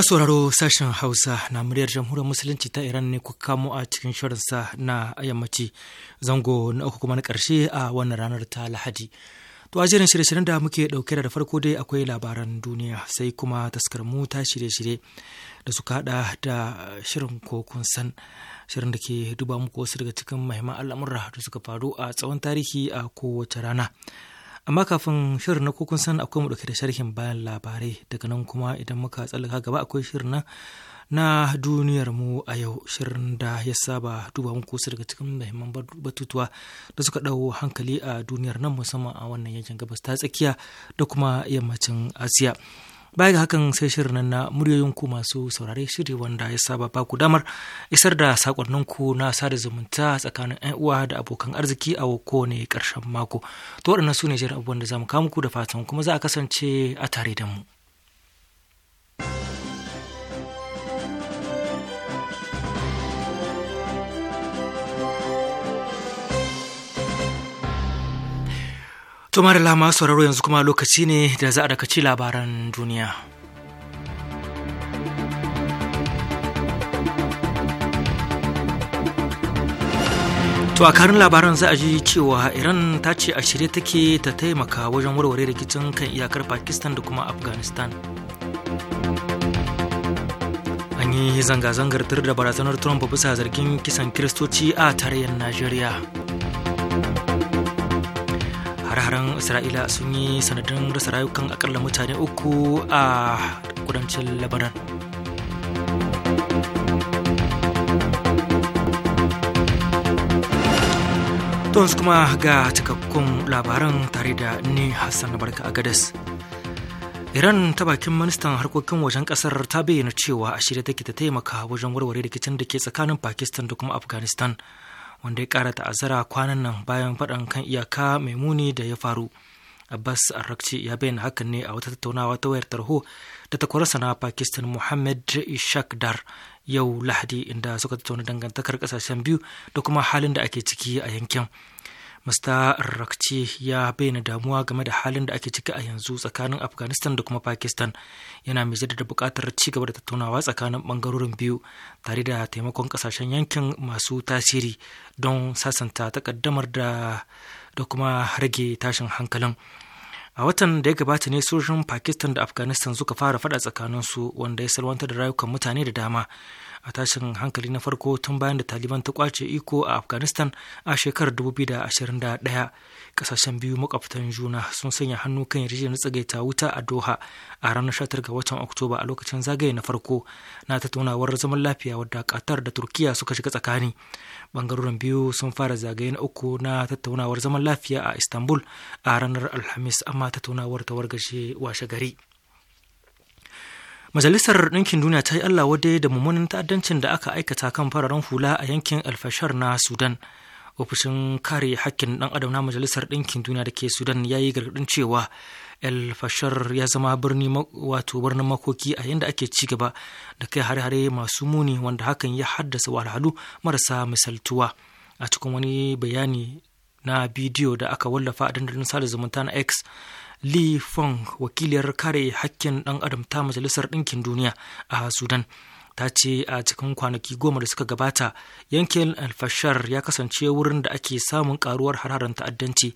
Masu sauraro sashen Hausa na muryar jamhuriyar Musulunci ta Iran ne kuka kamo a cikin shirinsa na yammaci zango na uku kuma na ƙarshe a wannan ranar ta Lahadi. To a jerin shirye-shiryen da muke ɗauke da farko dai akwai labaran duniya sai kuma taskar mu ta shirye-shirye da suka hada da shirin kokun san shirin da ke duba muku wasu daga cikin mahimman al'amura da suka faru a tsawon tarihi a kowace rana. amma kafin shirin na kukun san akwai mu dauke da sharhin bayan labarai daga nan kuma idan muka tsallaka gaba akwai shirin na duniyar mu a yau shirin da ya saba duba muku su daga cikin muhimman batutuwa da suka dau hankali a duniyar nan musamman a wannan yankin gabas ta tsakiya da kuma yammacin asiya Baya ga hakan sai shirin nan na muryoyin ku masu saurare shiri wanda ya saba ba ku damar isar da sakonnin ku na sada zumunta tsakanin 'yan uwa da abokan arziki a kowane karshen mako. To waɗannan su ne jiran abubuwan da za mu kama da fatan kuma za a kasance a tare da mu. To da lama sauraro yanzu kuma lokaci ne da za a dakaci labaran duniya. To a karin labaran za a ji cewa Iran ta ce a shirye take ta taimaka wajen warware rikicin kan iyakar Pakistan da kuma Afghanistan. An yi zanga-zangar tur da barazanar Trump bisa zargin kisan Kiristoci a tarayyar Najeriya. isra'ila sun yi sanadin rasa rayukan akalla mutane uku a kudancin lebanon To kuma ga cikakkun labaran tare da ni Hassan Barka a Gadas. Iran ta bakin ministan harkokin wajen kasar ta bayyana cewa a shirya take ta taimaka wajen warware rikicin da ke tsakanin Pakistan da kuma Afghanistan. wanda ya ƙara ta'azzara kwanan nan bayan faɗan kan iyaka mai muni da ya faru abbas arrakci ya bayyana hakan ne a wata tattaunawa ta wayar tarho da takwararsa na pakistan muhammad ishakdar yau lahadi inda suka tattauna dangantakar kasashen biyu da kuma halin da ake ciki a yankin Mr. Rakti ya bayyana damuwa game da halin da ake ciki a yanzu tsakanin Afghanistan da kuma Pakistan yana mai jaddada buƙatar ci gaba da tattaunawa tsakanin ɓangarorin biyu tare da taimakon ƙasashen yankin masu tasiri don sasanta takaddamar da da kuma rage tashin hankalin. a watan da ya gabata ne sojojin pakistan da afghanistan suka fara fada tsakaninsu wanda ya salwantar da rayukan mutane da dama a tashin hankali na farko tun bayan da taliban ta kwace iko a afghanistan a shekarar 2021 kasashen biyu makwabtan juna sun sanya hannu kan yarjejeniyar tsagaita wuta a doha a ranar 19 ga watan oktoba a lokacin zagaye na farko na tattaunawar zaman lafiya wadda katar da turkiya suka shiga tsakani bangarorin biyu sun fara zagaye na uku na tattaunawar zaman lafiya a istanbul a ranar alhamis amma tattaunawar ta wargashe washe gari Majalisar Ɗinkin Duniya ta yi Allah wadai da mummunan ta'addancin da aka aikata kan fararen hula a yankin alfashar na Sudan. Ofishin kare hakkin ɗan adam na Majalisar Ɗinkin Duniya da ke Sudan ya yi gargaɗin cewa alfashar ya zama birni wato birnin makoki a yadda ake ci gaba da kai hare-hare masu muni wanda hakan ya haddasa wahalhalu marasa misaltuwa. A cikin wani bayani na bidiyo da aka wallafa a dandalin sada zumunta na X Li Fong wakiliyar kare hakkin ɗan adam ta Majalisar Ɗinkin Duniya a Sudan ta ce a cikin kwanaki goma da suka gabata yankin alfashar ya kasance wurin da ake samun karuwar hararen ta'addanci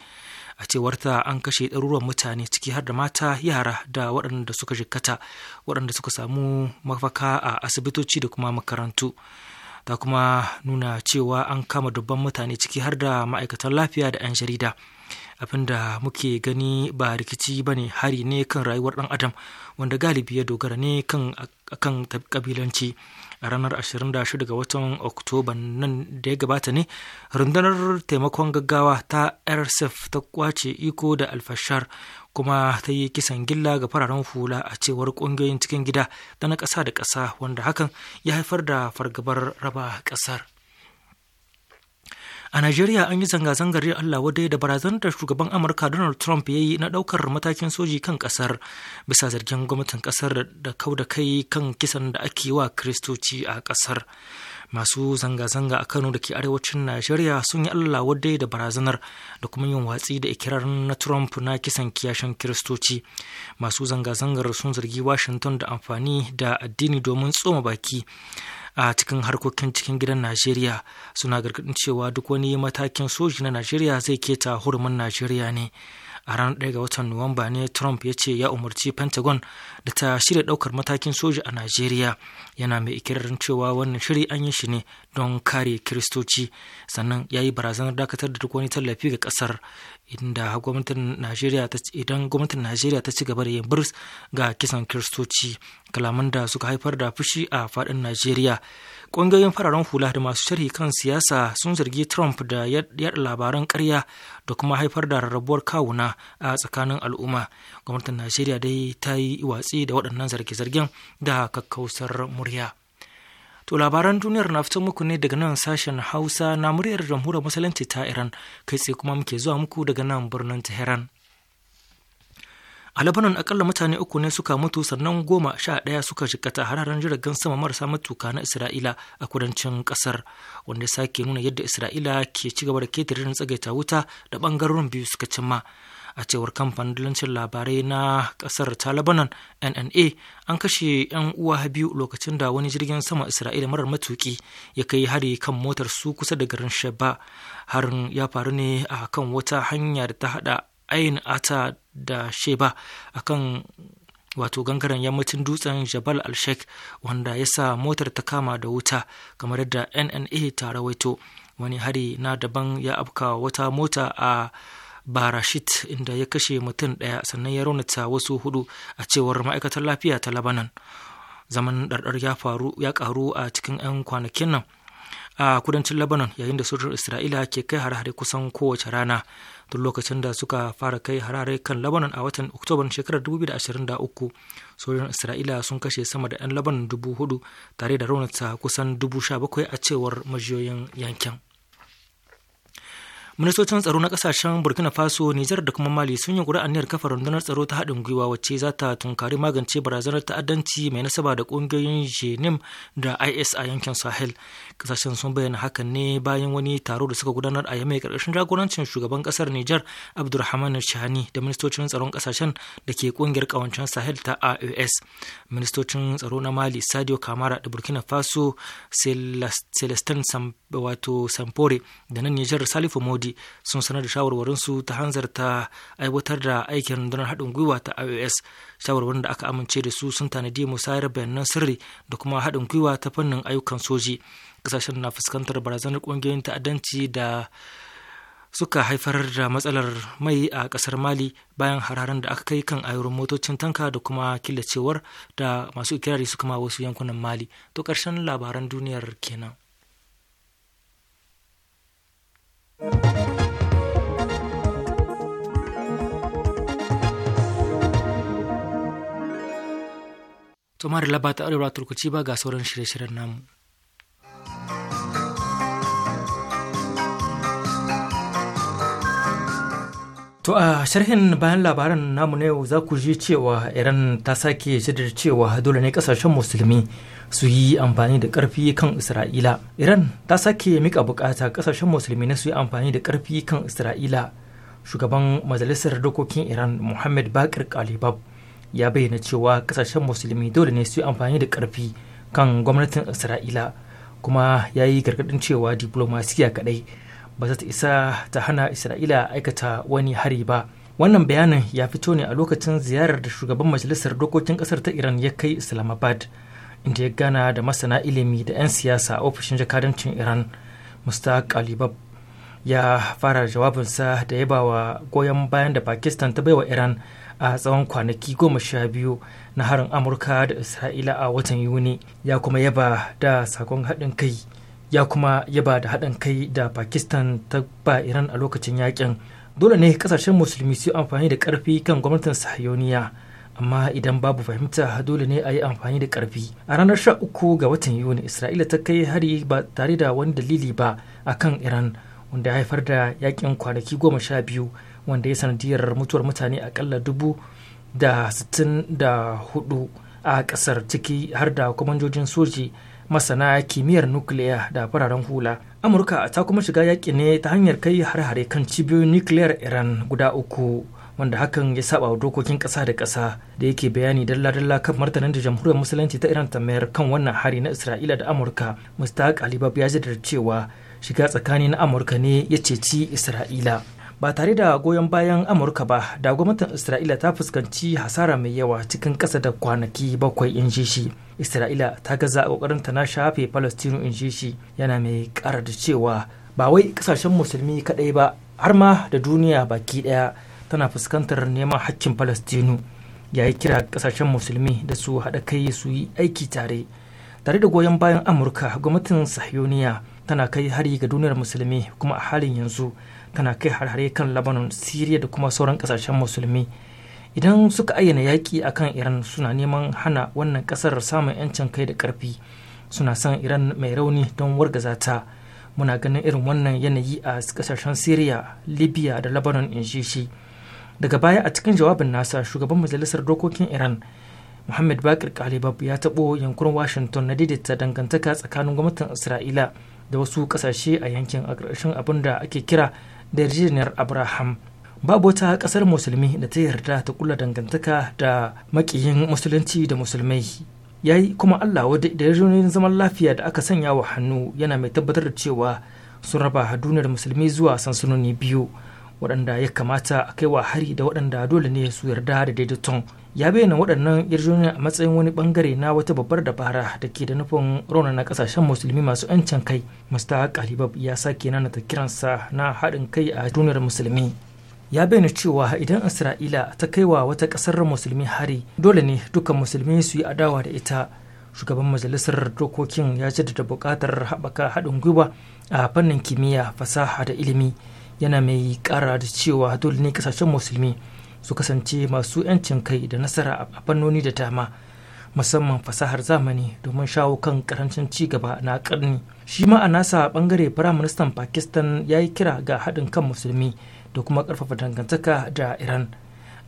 a cewar ta an kashe ɗaruruwan mutane ciki har da mata yara da waɗanda suka jikkata waɗanda suka samu mafaka a asibitoci da kuma makarantu ta kuma nuna cewa an kama dubban mutane ciki har da ma'aikatan lafiya da 'yan jarida abin da muke gani ba rikici ba ne hari ne kan rayuwar ɗan adam wanda galibi ya dogara ne kan akan kabilanci a ranar 26 ga watan oktoba nan da ya gabata ne rundunar taimakon gaggawa ta rsf ta kwace iko da alfashar kuma ta yi kisan gilla ga fararen hula a cewar ƙungiyoyin cikin gida da na ƙasa da ƙasa wanda hakan ya haifar da fargabar raba ƙasar A Najeriya an yi zanga-zangar ya Allah wadai da barazanar da shugaban Amurka Donald Trump ya yi na ɗaukar matakin soji kan ƙasar bisa zargin gwamnatin ƙasar da kau da kai kan kisan da ake wa Kiristoci a ƙasar. Masu zanga-zanga a Kano da ke arewacin Najeriya sun yi Allah wadai da barazanar da kuma yin watsi da ikirarin na Trump na kisan kiyashin Kiristoci. Masu zanga-zangar sun zargi Washington da amfani da addini domin tsoma baki. a cikin harkokin cikin gidan najeriya suna gargadin cewa duk wani matakin soji na najeriya zai keta hurumin najeriya ne a ranar 1 ga watan nuwamba ne trump ya ce ya umarci pentagon da ta shirya daukar matakin soja a najeriya yana mai ikirarin cewa wannan shiri an yi shi ne don kare kiristoci sannan ya yi barazanar dakatar da duk wani tallafi ga kasar idan gwamnatin najeriya ta ci gaba da yin burs ga kisan kiristoci kalaman da suka haifar da fushi a faɗin najeriya Ƙungiyoyin fararen hula da masu sharhi kan siyasa sun zargi Trump da yaɗa labaran ƙarya da kuma haifar da rarrabuwar kawuna a tsakanin al'umma. Gwamnatin Najeriya dai ta yi watsi da waɗannan zarge-zargen da kakkausar murya. To labaran duniyar na fito muku ne daga nan sashen Hausa na muryar jamhuriyar musulunci ta Iran kai tsaye kuma muke zuwa muku daga nan birnin Tehran. a labanan akalla mutane uku ne suka mutu sannan goma sha ɗaya suka jikata hararen jiragen sama marasa matuka na isra'ila a kudancin ƙasar wanda sake nuna yadda isra'ila ke ci gaba da ketirin tsagaita wuta da ɓangarorin biyu suka cimma a cewar kamfanin dalancin labarai na ƙasar ta labanan nna an kashe 'yan uwa biyu lokacin da wani jirgin sama isra'ila marar matuki ya kai hari kan motar su kusa da garin sheba harin ya faru ne a kan wata hanya da ta hada ayin ata da sheba akan wato gangaren yammacin dutsen jabal al-sheikh wanda ya sa motar ta kama da wuta kamar yadda nna ta rawaito wani hari na daban ya afka wata mota a barashit inda ya kashe mutum ɗaya sannan ya raunata wasu hudu a cewar ma'aikatar lafiya ta labanan zaman ɗarɗar ya faru ya ƙaru a cikin 'yan kwanakin nan a kudancin labanan yayin da sojojin isra'ila ke kai hare-hare kusan kowace rana tun lokacin da suka fara kai harare kan labanan a watan oktoban shekarar 2023 sojojin isra'ila sun kashe sama da 'yan labanan dubu hudu tare da raunata kusan dubu sha a cewar majiyoyin yankin ministocin tsaro na kasashen burkina faso nijar da kuma mali sun yi aniyar kafa rundunar tsaro ta haɗin gwiwa wacce za ta tunkari magance barazanar ta'addanci mai nasaba da ƙungiyoyin jenim da is a yankin sahel kasashen sun bayyana hakan ne bayan wani taro da suka gudanar a yamai ƙarƙashin jagorancin shugaban ƙasar nijar abdulrahman shani da ministocin tsaron kasashen da ke ƙungiyar ƙawancen sahel ta ios ministocin tsaro na mali sadio kamara da burkina faso celestin wato sampore da na nijar salifu modi chadi sun sanar da shawarwarinsu ta hanzar ta aiwatar da aikin rundunar haɗin gwiwa ta ios shawarwarin da aka amince da su sun tanadi musayar bayanan sirri da kuma haɗin gwiwa ta fannin ayyukan soji kasashen na fuskantar barazanar ƙungiyoyin ta'addanci da suka haifar da matsalar mai a ƙasar mali bayan hararen da aka kai kan ayorin motocin tanka da kuma killacewar da masu ikirari suka ma wasu yankunan mali to ƙarshen labaran duniyar kenan da laba ta arewa turkuci ba ga sauran shirye-shiryen namu. To a sharhin bayan labaran namu na yau za ku ji cewa Iran ta sake shaidar cewa dole ne kasashen musulmi su yi amfani da ƙarfi kan isra'ila iran ta sake mika bukata ƙasashen musulmi na su yi amfani da ƙarfi kan isra'ila shugaban majalisar dokokin iran muhammad bakir kalibab ya bayyana cewa ƙasashen musulmi dole ne su yi amfani da ƙarfi kan gwamnatin isra'ila kuma ya yi gargaɗin cewa diplomasiya kaɗai ba za ta isa ta hana isra'ila aikata wani hari ba wannan bayanin ya fito ne a lokacin ziyarar da shugaban majalisar dokokin ƙasar ta iran ya kai islamabad inda ya gana da masana ilimi da 'yan siyasa a ofishin jakadancin iran mustaq alibab ya fara jawabinsa da ya bawa goyon bayan da pakistan ta baiwa iran a tsawon kwanaki goma sha biyu na harin amurka da isra'ila a watan yuni ya kuma yaba da sakon haɗin kai ya kuma yaba da haɗin kai da pakistan ta ba iran a lokacin yakin dole ne kasashen musulmi su amfani da ƙarfi kan gwamnatin sahiyoniya amma idan babu fahimta dole ne a yi amfani da karfi a ranar sha uku ga watan yuni isra'ila ta kai hari ba tare da wani dalili ba a kan iran wanda ya haifar da yakin kwanaki goma sha biyu wanda ya sanadiyar mutuwar mutane akalla dubu da sittin da hudu a ƙasar ciki har da kwamandojin soji masana kimiyyar nukiliya da fararen hula amurka ta kuma shiga yaƙi ne ta hanyar kai har-hare kan cibiyoyin nukiliyar iran guda uku wanda hakan ya saba wa dokokin ƙasa da kasa da yake bayani dalla-dalla kan martanin da jamhuriyar musulunci ta iran ta mayar kan wannan hari na isra'ila da amurka mustaq alibab ya jaddada cewa shiga tsakani na amurka ne ya ceci isra'ila ba tare da goyon bayan amurka ba da gwamnatin isra'ila ta fuskanci hasara mai yawa cikin kasa da kwanaki bakwai in ji shi isra'ila ta gaza a ƙoƙarin ta na shafe palestino in ji shi yana mai kara da cewa ba wai kasashen musulmi kaɗai ba har ma da duniya baki ɗaya tana fuskantar neman hakkin falastinu ya yi kira ƙasashen musulmi da su haɗa kai su yi aiki tare tare da goyon bayan amurka gwamnatin sahiyoniya tana kai hari ga duniyar musulmi kuma a halin yanzu tana kai harhare kan labanon siriya da kuma sauran kasashen musulmi idan suka ayyana yaƙi a kan iran suna neman hana wannan ƙasar samun 'yancin kai da ƙarfi suna son iran mai rauni don wargaza ta muna ganin irin wannan yanayi a ƙasashen syria libya da lebanon in shi daga baya a cikin jawabin nasa shugaban majalisar dokokin iran muhammad bakir kalibab ya taɓo yankunan washington na daidaita dangantaka tsakanin gwamnatin isra'ila da wasu ƙasashe a yankin a ƙarshen abin da ake kira da yarjejeniyar abraham babu wata ƙasar musulmi da ta yarda ta kula dangantaka da makiyin musulunci da musulmai ya yi kuma allah da yarjejeniyar zaman lafiya da aka sanya wa hannu yana mai tabbatar da cewa sun raba duniyar musulmi zuwa sansanoni biyu waɗanda ya kamata a kaiwa hari da waɗanda dole ne su yarda da daidaiton ya bayyana waɗannan yarjejeniya a matsayin wani bangare na wata babbar dabara da ke da nufin raunana kasashen musulmi masu 'yancin kai musta kalibab ya sake nana ta kiransa na haɗin kai a duniyar musulmi ya bayyana cewa idan isra'ila ta kaiwa wata ƙasar musulmi hari dole ne dukkan musulmi su yi adawa da ita shugaban majalisar dokokin ya jaddada buƙatar haɓaka haɗin gwiwa a fannin kimiyya fasaha da ilimi yana mai kara da cewa dole ne kasashen musulmi su kasance masu 'yancin kai da nasara a fannoni da dama musamman fasahar zamani domin shawo kan karancin ci gaba na karni shi ma a nasa bangare firaministan pakistan ya yi kira ga haɗin kan musulmi da kuma ƙarfafa dangantaka da iran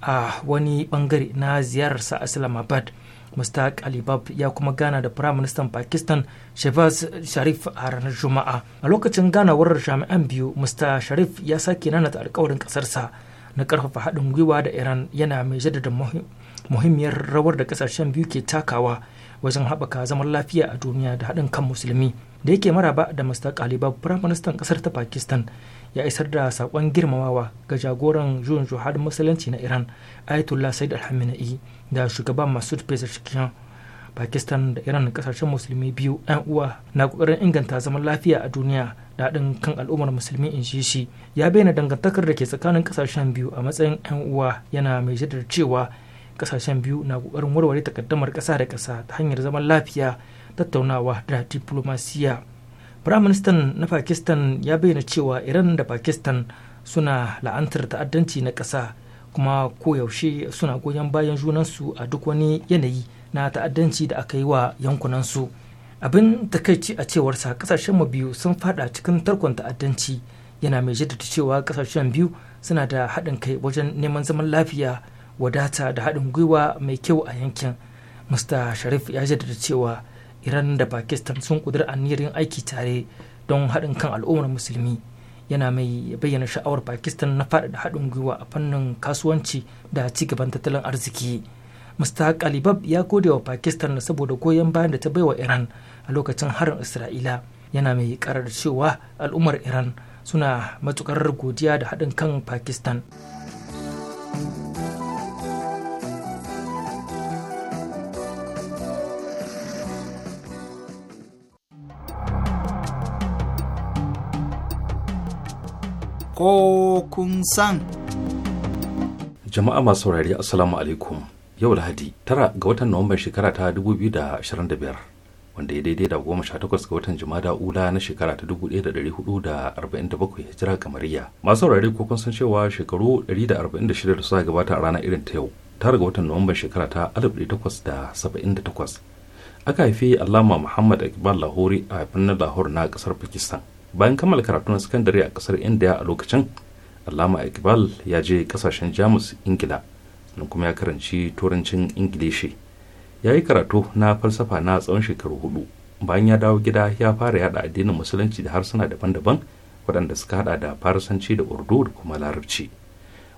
a wani bangare na ziyararsa islamabad mustaq alibab ya kuma gana da prime firaministan pakistan shehbaz sharif a ranar juma'a a lokacin ganawar jami'an biyu mr sharif ya sake nanata alkawarin kasarsa na karfafa haɗin gwiwa da iran yana mai jaddada muhimmiyar rawar da kasashen biyu ke takawa wajen haɓaka zaman lafiya a duniya da haɗin kan musulmi da yake maraba da mr Prime Minister kasar ta pakistan ya isar da sakon girmamawa ga jagoran Jun juhar musulunci na iran ayatollah said alhamina'i da shugaban masud pezeshkian pakistan da iran kasashen musulmi biyu yan uwa na kokarin inganta zaman lafiya a duniya da haɗin kan al'ummar musulmi in shi shi ya bayyana dangantakar da ke tsakanin kasashen biyu a matsayin yan uwa yana mai jaddada cewa kasashen biyu na kokarin warware takaddamar ƙasa da kasa ta hanyar zaman lafiya tattaunawa da diplomasiya firaministan na pakistan ya bayyana cewa iran da pakistan suna la'antar ta'addanci na ƙasa kuma koyaushe suna goyon bayan junansu a duk wani yanayi na ta'addanci da aka yi wa yankunansu abin takaici a cewarsa kasashen biyu sun fada cikin tarkon ta'addanci yana mai jaddada cewa kasashen biyu suna da haɗin kai wajen neman zaman lafiya wadata da haɗin gwiwa mai kyau a yankin mr sharif ya jaddada cewa iran da pakistan sun kudur aniyar yin aiki tare don haɗin kan al'ummar musulmi yana mai bayyana sha'awar pakistan na faɗaɗa haɗin gwiwa a fannin kasuwanci da ci gaban tattalin arziki mr kalibab ya gode wa pakistan saboda goyon bayan da ta baiwa iran a lokacin harin isra'ila yana mai karar cewa al'ummar iran suna matukar godiya da haɗin kan pakistan ko kun san. Jama'a masu saurari Assalamu alaikum yau Lahadi tara ga watan Nuwamban shekara ta 2025 wanda ya daidai da goma sha takwas ga watan Jumada Ula na shekara ta 1447 hijira kamariya. Masu saurari ko kun san cewa shekaru 146 da suka gabata a ranar irin ta yau tara ga watan Nuwamban shekara ta 1878 aka haifi Allama Muhammad Iqbal Lahori a birnin Lahore na kasar Pakistan. bayan kammala karatu na sakandare a kasar india a lokacin alama iqbal ya je kasashen jamus ingila sannan kuma ya karanci turancin ingilishi ya yi karatu na falsafa na tsawon shekaru hudu bayan ya dawo gida ya fara yada addinin musulunci da harsuna daban-daban waɗanda suka hada da farisanci da urdu da kuma larabci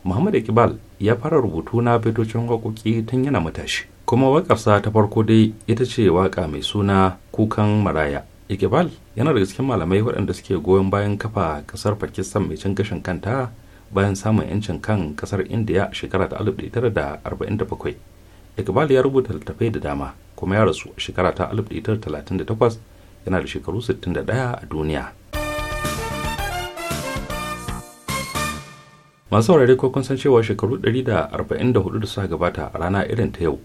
muhammad iqbal ya fara rubutu na fitocin waƙoƙi tun yana matashi kuma waƙarsa ta farko dai ita ce waƙa mai suna kukan maraya iqbal yana daga cikin malamai waɗanda suke goyon bayan kafa kasar pakistan mai cin gashin kanta bayan samun 'yancin kan kasar indiya a shekara ta 1947 iqbal ya rubuta littattafai da dama kuma ya rasu a shekara ta 1938 yana da shekaru 61 a duniya masu wurare ko kun san cewa shekaru 144 da suka gabata a rana irin ta yau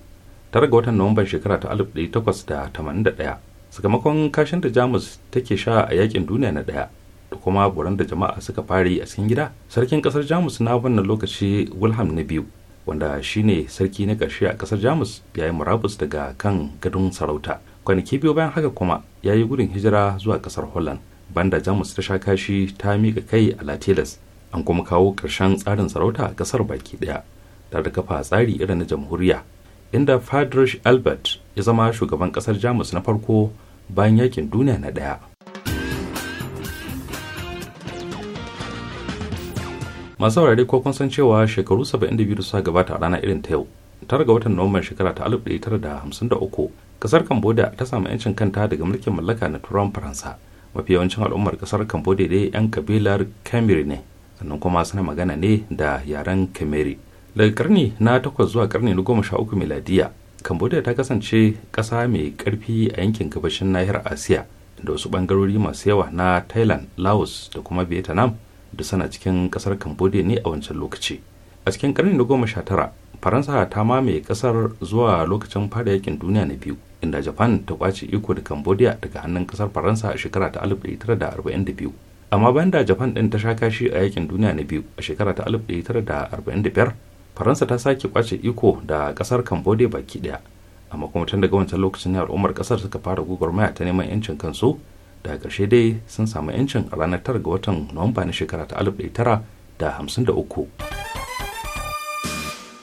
tare ga watan nuwamban shekara ta 1881 sakamakon kashin da jamus take sha a yakin duniya na daya da kuma buran da jama'a suka fara yi a cikin gida sarkin kasar jamus na wannan lokaci wilhelm na biyu wanda shine sarki na ƙarshe a kasar jamus ya yi murabus daga kan gadon sarauta kwanaki biyu bayan haka kuma ya yi gudun hijira zuwa kasar holland banda jamus ta sha kashi ta miƙa kai a latilas an kuma kawo ƙarshen tsarin sarauta a ƙasar baki ɗaya tare da kafa tsari irin na jamhuriya inda fadrish albert ya zama shugaban ƙasar jamus na farko bayan yakin duniya na ɗaya. masu saurare ko kun san cewa shekaru 72 da suka gabata a rana irin ta yau tara ga watan nuwamban shekara ta 1953 kasar cambodia ta samu yancin kanta daga mulkin mallaka na turan faransa mafi yawancin al'ummar kasar cambodia dai yan kabilar khmer ne sannan kuma suna magana ne da yaren khmeri daga karni na 8 zuwa karni na 13 miladiya cambodia ta kasance ƙasa mai ƙarfi a yankin gabashin nahiyar asiya da wasu bangarori masu yawa na thailand laos da kuma vietnam da sana cikin ƙasar cambodia ne a wancan lokaci a cikin ƙarni da goma sha tara faransa ta mamaye ƙasar zuwa lokacin fara yakin duniya na biyu inda japan ta kwace iko da cambodia daga hannun ƙasar faransa a shekara ta 1942 amma bayan da japan ɗin ta sha kashi a yakin duniya na biyu a shekara ta 1945 faransa ta sake kwace iko da kasar cambodia baki daya amma kuma tun daga wancan lokacin ne al'ummar kasar suka fara gugurmaya ta neman yancin kansu daga karshe dai sun samu yancin a ranar tara ga watan nuwamba na shekara ta tara uku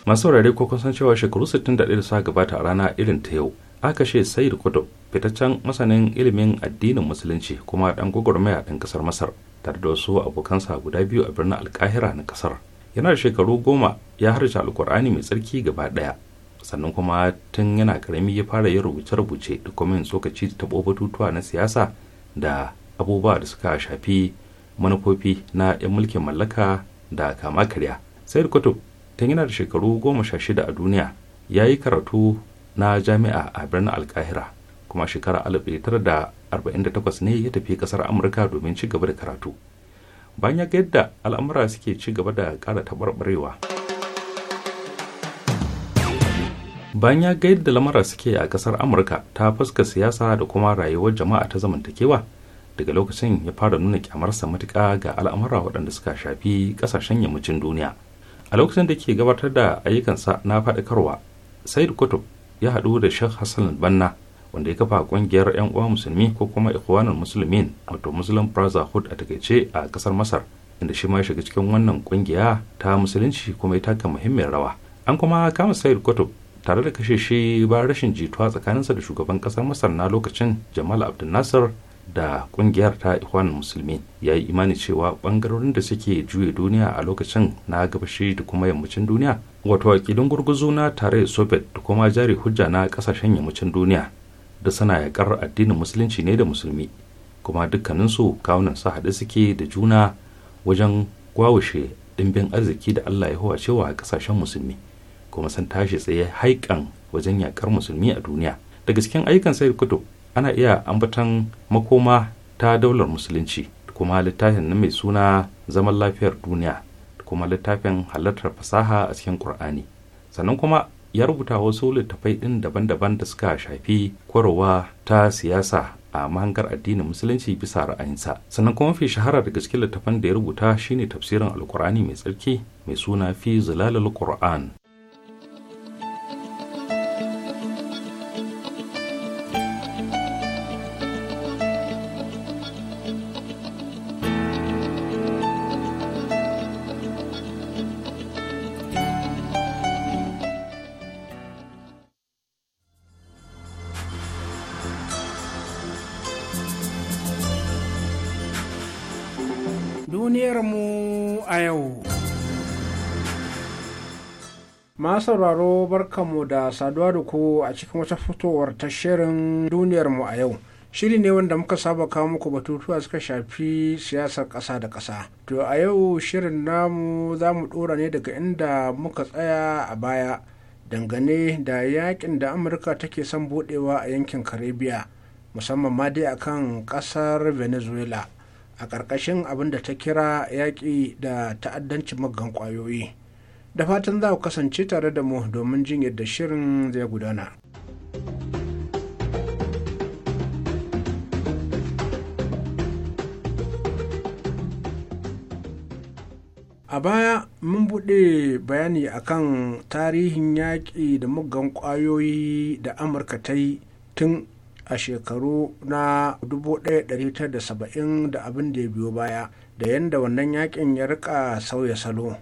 masu saurare ko kusan cewa shekaru 61 da suka gabata a rana irin ta yau aka ce sai kudu fitaccen masanin ilimin addinin musulunci kuma dan gwagwarmaya ɗan kasar masar tare da wasu abokansa guda biyu a birnin alkahira na kasar yana da shekaru goma ya harshe alkur'ani mai tsarki gaba ɗaya sannan kuma tun yana karami ya fara yin rubuce-rubuce da kuma yin tsokaci da taɓo batutuwa na siyasa da abubuwa da suka shafi manufofi na 'yan mulkin mallaka da kama karya sayar kwato tun yana da shekaru goma sha shida a duniya ya yi karatu na jami'a a birnin alkahira kuma shekara 1948 ne ya tafi kasar amurka domin ci gaba da karatu bayan ya ga yadda al'amura suke ci gaba da ƙara taɓarɓarewa bayan ya ga yadda lamura suke a ƙasar amurka ta fuska siyasa da kuma rayuwar jama'a ta zamantakewa daga lokacin ya fara nuna kyamarsa matuƙa ga al'amura waɗanda suka shafi ƙasashen yammacin duniya a lokacin da ke gabatar da ayyukansa na faɗakarwa said kutub ya haɗu da sheikh hassan banna wanda ya kafa kungiyar 'yan uwa musulmi ko kuma ikhwanul musulmin wato muslim brotherhood a takaice a kasar masar inda shi ma ya shiga cikin wannan kungiya ta musulunci kuma ya taka muhimmiyar rawa an kuma kama sayid kutub tare da kashe shi ba rashin jituwa tsakaninsa da shugaban kasar masar na lokacin jamal abdul nasir da kungiyar ta ikhwanul musulmi ya yi imani cewa bangarorin da suke juya duniya a lokacin na gabashi da kuma yammacin duniya wato wakilin gurguzu na tare soviet da kuma jari hujja na kasashen yammacin duniya da suna yakar addinin musulunci ne da musulmi kuma dukkaninsu kawunan su haɗe suke da juna wajen gwawushe ɗimbin arziki da allah ya cewa a ƙasashen musulmi kuma sun tashi tsaye haikan wajen yakar musulmi a duniya daga cikin ayyukan sayar kudu ana iya ambatan makoma ta daular musulunci kuma littafin na mai suna zaman lafiyar duniya kuma littafin halartar fasaha a cikin ƙur'ani sannan kuma ya rubuta wasu littafai ɗin daban-daban da suka shafi kwarowa ta siyasa a mahangar addinin musulunci bisa ra'ayinsa sannan kuma mafi shahara daga cikin littafan da ya rubuta shine tafsirin alkur'ani mai tsarki mai suna fi zilalul qur'an sauraro barkanmu da saduwa da ku a cikin wata fitowar ta shirin duniyarmu a yau shiri ne wanda muka saba kawo muku batutuwa suka shafi siyasar ƙasa da ƙasa to a yau shirin namu za mu ɗora ne daga inda muka tsaya a baya dangane da yakin da amurka take son budewa a yankin caribbean musamman ma dai akan ƙasar venezuela a ƙarƙashin abin da ta kira yaƙi da ta'addanci maggan ƙwayoyi da fatan za ku kasance tare da mu domin jin yadda shirin zai gudana. a baya mun buɗe bayani akan tarihin yaƙi da muggan ƙwayoyi da amurka ta yi tun a shekaru na 1970 da abin da ya biyo baya da yadda wannan yaƙin ya rika sauya salo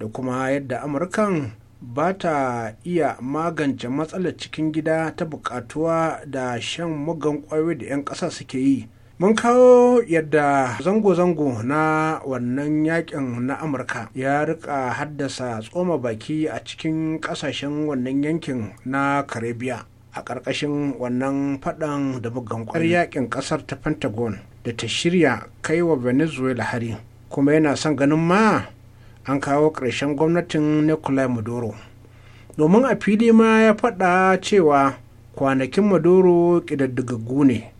da kuma yadda amurkan ba ta iya magance matsalar cikin gida ta bukatuwa da shan mugan kwayoyi da 'yan ƙasa suke yi mun kawo yadda zango-zango na wannan yakin na amurka ya rika haddasa tsoma baki a cikin ƙasashen wannan yankin na Karibiya, a ƙarƙashin wannan faɗan da bugan ƙwar mm. yakin ƙasar ta pentagon da ta shirya kai wa venezuela hari kuma yana son ganin ma an kawo ƙarshen gwamnatin nicolai maduro domin a fili ma ya faɗa cewa kwanakin maduro ƙidaddagaggu ne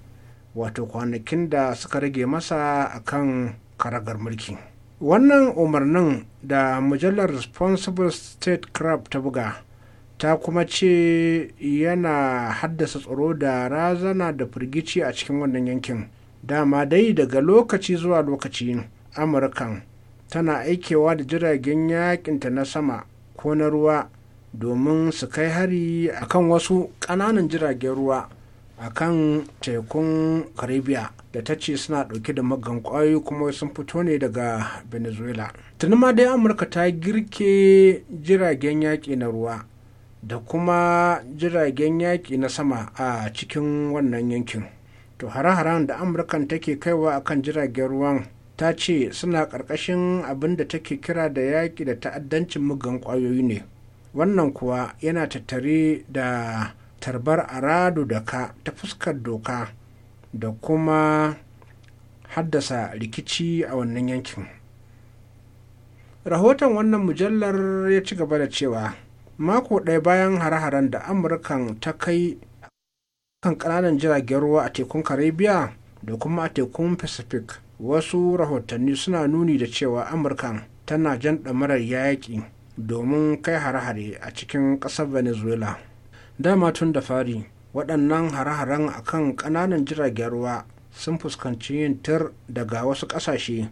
wato kwanakin da suka rage masa a kan karagar mulki wannan umarnin da mujallar responsible state crab ta buga ta kuma ce yana haddasa tsaro da razana da firgici a cikin wannan yankin dama dai daga lokaci zuwa lokaci amurkan tana aikewa da jiragen yakinta na sama ko na ruwa domin su kai hari a kan wasu ƙananan jiragen ruwa a kan tekun caribbean da ta ce suna ɗauke da magan ƙwayoyi kuma sun fito ne daga venezuela tuni ma dai amurka ta girke jiragen yaƙi na ruwa da kuma jiragen yaƙi na sama a cikin wannan yankin to hare-haren da amurkan take kaiwa akan jiragen ruwan ta ce suna ƙarƙashin abin da take kira da yaƙi da ta'addancin mugan ƙwayoyi ne wannan kuwa yana tattare da tarbar aradu da ka ta fuskar doka da kuma haddasa rikici a wannan yankin rahoton wannan mujallar ya ci gaba da cewa mako ɗaya bayan hare-haren da amurkan ta kai kan ƙananan jiragen ruwa a tekun caribbean da kuma a tekun pacific wasu rahotanni suna nuni da cewa amurka tana jan ɗamarar yaƙi domin kai hare-hare a cikin ƙasar venezuela dama tun da fari waɗannan hare-haren akan ƙananan jiragen ruwa sun fuskanci yin tir daga wasu ƙasashe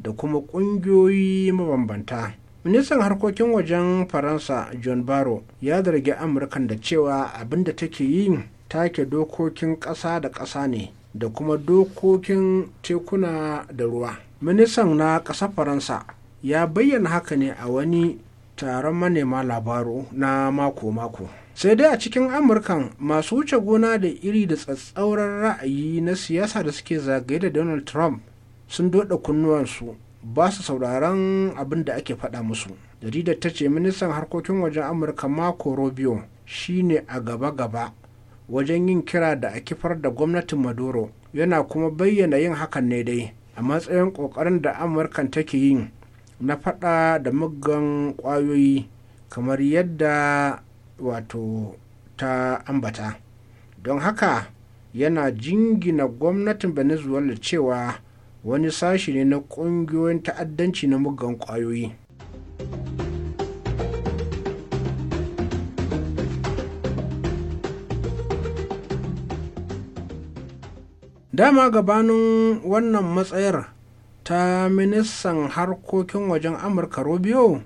da kuma ƙungiyoyi mabambanta ministan harkokin wajen faransa john barrow ya zargi amurkan da cewa abin da take yi take dokokin ƙasa da ƙasa ne da kuma dokokin tekuna da ruwa ministan na ƙasar faransa ya bayyana haka ne a wani taron manema labaru na mako-mako sai dai a cikin amurkan masu wuce gona da iri da tsatsauran ra'ayi na siyasa da suke zagaye da donald trump sun doda kunnuwansu ba su sauraron abin da ake faɗa musu jaridar ta ce ministan harkokin wajen amurka mako rubio shine a gaba-gaba wajen yin kira da a kifar da gwamnatin maduro yana kuma bayyana yin hakan ne dai a matsayin kokarin da amurkan take yin na fada da muggan kwayoyi kamar yadda wato ta ambata don haka yana jingina gwamnatin venezuela cewa wani sashi ne na ƙungiyoyin ta'addanci na muggan ƙwayoyi. dama gabanin wannan matsayar ta ministan harkokin wajen amurka rubio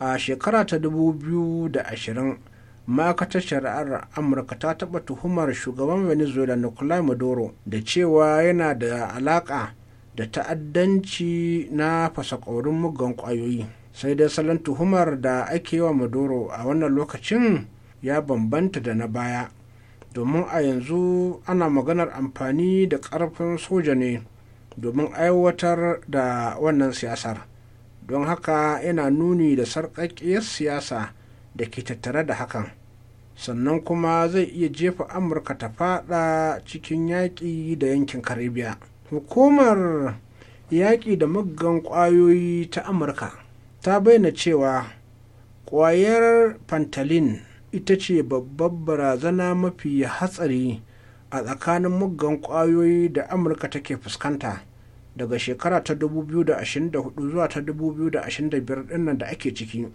a shekara ta 2020 ma'aikatar shari'ar amurka ta taɓa tuhumar shugaban venezuela nicolai maduro da cewa yana da alaƙa da ta'addanci na fasakorin muggan ƙwayoyi sai dai salon tuhumar da ake yi wa maduro a wannan lokacin ya bambanta da na baya domin a yanzu ana maganar amfani da ƙarfin soja ne domin aiwatar da wannan siyasar don haka yana nuni da sarƙaƙƙiyar siyasa da ke tattare da hakan sannan kuma zai iya jefa amurka ta fada cikin yaƙi da yankin karibiya hukumar yaƙi da muggan ƙwayoyi ta amurka ta bayyana cewa ƙwayar pantalin ita ce babbar barazana mafi hatsari a tsakanin muggan kwayoyi da amurka take fuskanta daga shekara ta 2024 zuwa ta 2025 dinnan da ake ciki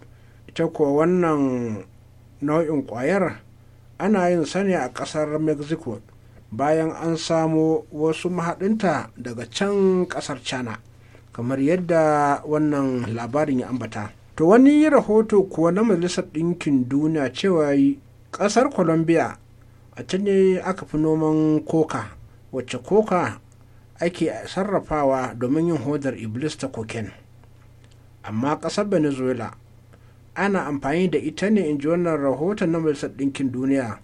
ita kuwa wannan nau'in kwayar ana yin sani a kasar mexico bayan an samo wasu mahaɗinta daga can kasar china kamar yadda wannan labarin ya ambata. to wani rahoto kuwa na majalisar ɗinkin duniya cewa ƙasar colombia a can ne aka fi noman koka wacce koka ake sarrafawa domin yin hodar iblis ta koken, amma ƙasar venezuela ana amfani da ita ne in ji wannan rahoton na majalisar ɗinkin duniya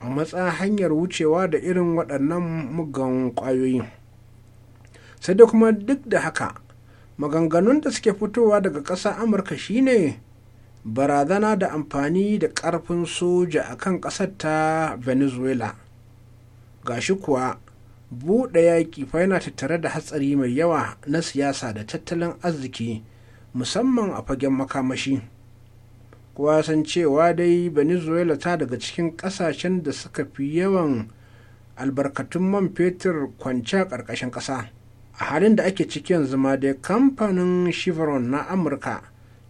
a matsa hanyar wucewa da irin waɗannan mugan ƙwayoyin sai dai kuma duk da haka maganganun da suke fitowa daga ƙasar amurka shine barazana da amfani da ƙarfin soja a kan ƙasar ta venezuela Ga shi kuwa buɗe yaƙi fa yana tattare da hatsari mai yawa na siyasa da tattalin arziki musamman a fagen makamashi kowa san cewa dai venezuela ta daga cikin ƙasashen da suka fi yawan albarkatun man fetur kwanci a ƙarƙashin ƙasa a halin da ake ciki yanzu ma dai kamfanin chevron na amurka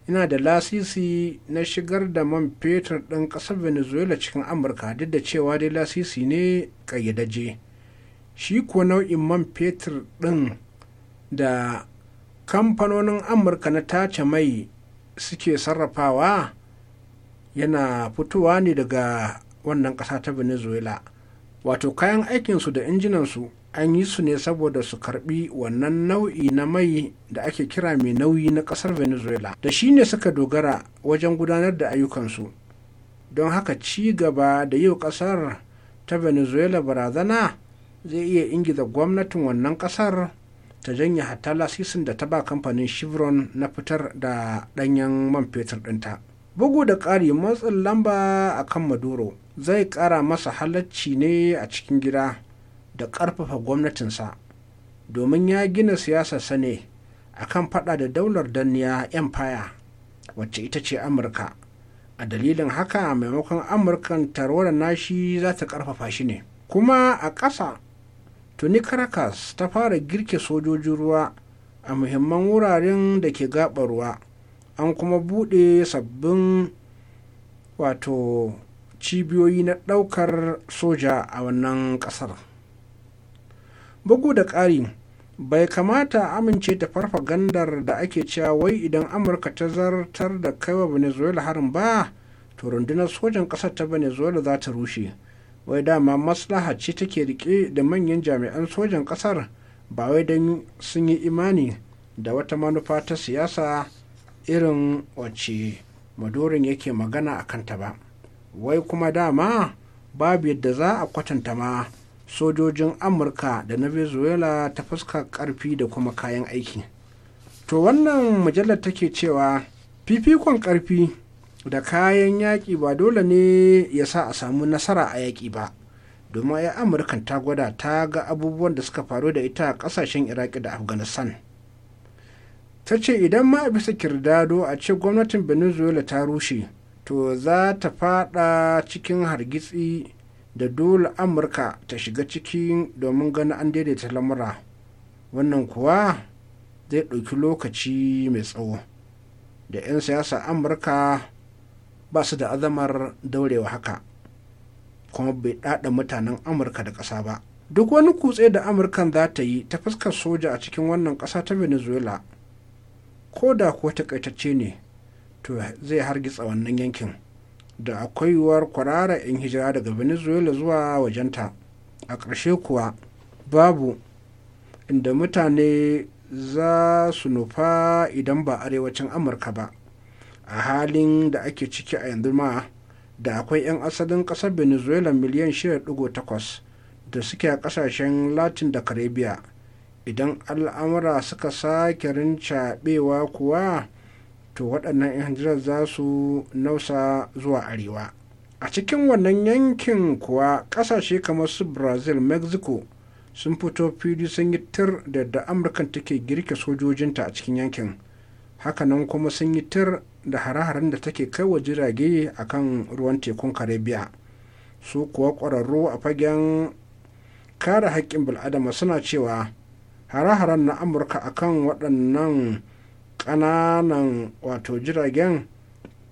yana da lasisi na shigar da man fetur ɗin ƙasar venezuela cikin amurka duk da cewa dai lasisi ne ƙayyadaje shi kuwa nau'in man fetur ɗin da kamfanonin amurka na tace mai suke sarrafawa yana fitowa ne daga wannan ƙasa ta venezuela wato kayan aikinsu da injinansu an yi su ne saboda su karbi wannan nau'i na mai da ake kira mai nauyi na kasar venezuela da shi ne suka dogara wajen gudanar da ayyukansu don haka ci gaba da yau kasar ta venezuela barazana zai iya ingiza gwamnatin wannan kasar ta janye hatta lasisin da ta ba kamfanin chevron na fitar da danyen man fetur dinta. bugu da ƙari matsin lamba a kan maduro zai ƙara masa halacci ne a cikin gida da ƙarfafa gwamnatinsa domin ya gina siyasarsa ne a kan fada da daular danniya empire wacce ita ce amurka a dalilin haka maimakon amurkan tarwar nashi za ta ƙarfafa shi ne kuma a ƙasa tuni caracas ta fara girke sojojin ruwa a muhimman wuraren da ke gaɓa ruwa an kuma buɗe sabbin wato cibiyoyi na ɗaukar soja a wannan ƙasar. bugu da ƙari bai kamata amince da farfagandar da ake cewa wai idan amurka ta zartar da kaiwa venezuela harin ba to rundunar sojan ƙasar ta venezuela za ta rushe wai dama maslaha ce take rike da manyan jami'an sojan ƙasar ba wai don sun yi imani da wata manufa ta siyasa irin wacce madorin yake magana a kanta ba wai kuma dama babu yadda za a kwatanta ma sojojin amurka da na venezuela ta fuska karfi da kuma kayan aiki to wannan mujallar take cewa fifikon karfi da kayan yaƙi ba dole ne ya sa a samu nasara a yaƙi ba domin ya amurkan ta gwada ta ga abubuwan da suka faru da ita a ƙasashen iraki da afghanistan ta ce idan ma a bisa kirdado a ce gwamnatin venezuela ta rushe to za ta fada cikin hargitsi da dole amurka ta shiga ciki domin ganin an daidaita lamura wannan kuwa zai ɗauki lokaci mai tsawo da 'yan siyasa amurka ba su da azamar daurewa haka kuma bai ɗaɗa mutanen amurka da ƙasa ba duk wani kutse da amurkan za ta yi ta fuskar soja a cikin wannan ƙasa ta venezuela ko da kuwa takaitacce ne to zai hargitsa wannan yankin da akwai yiwuwar kwarara 'yan hijira daga venezuela zuwa wajenta a ƙarshe kuwa babu inda mutane za su nufa idan ba arewacin amurka ba a halin da ake ciki a yanzu ma da akwai 'yan asalin ƙasar venezuela miliyan 6.8 da suke a ƙasashen latin da caribbean idan al'amura suka sake rincaɓewa kuwa to waɗannan 'yan hijirar za su nausa zuwa arewa a cikin wannan yankin kuwa ƙasashe kamar su brazil mexico sun fito fili sun yi tir da da amurka take girke sojojinta a cikin yankin hakanan kuma sun yi tir da hare da take kai wa jirage a kan ruwan tekun karibiya su kuwa ƙwararru a fagen kare haƙƙin bil'adama suna cewa hare-haren na amurka a kan waɗannan ƙananan wato jiragen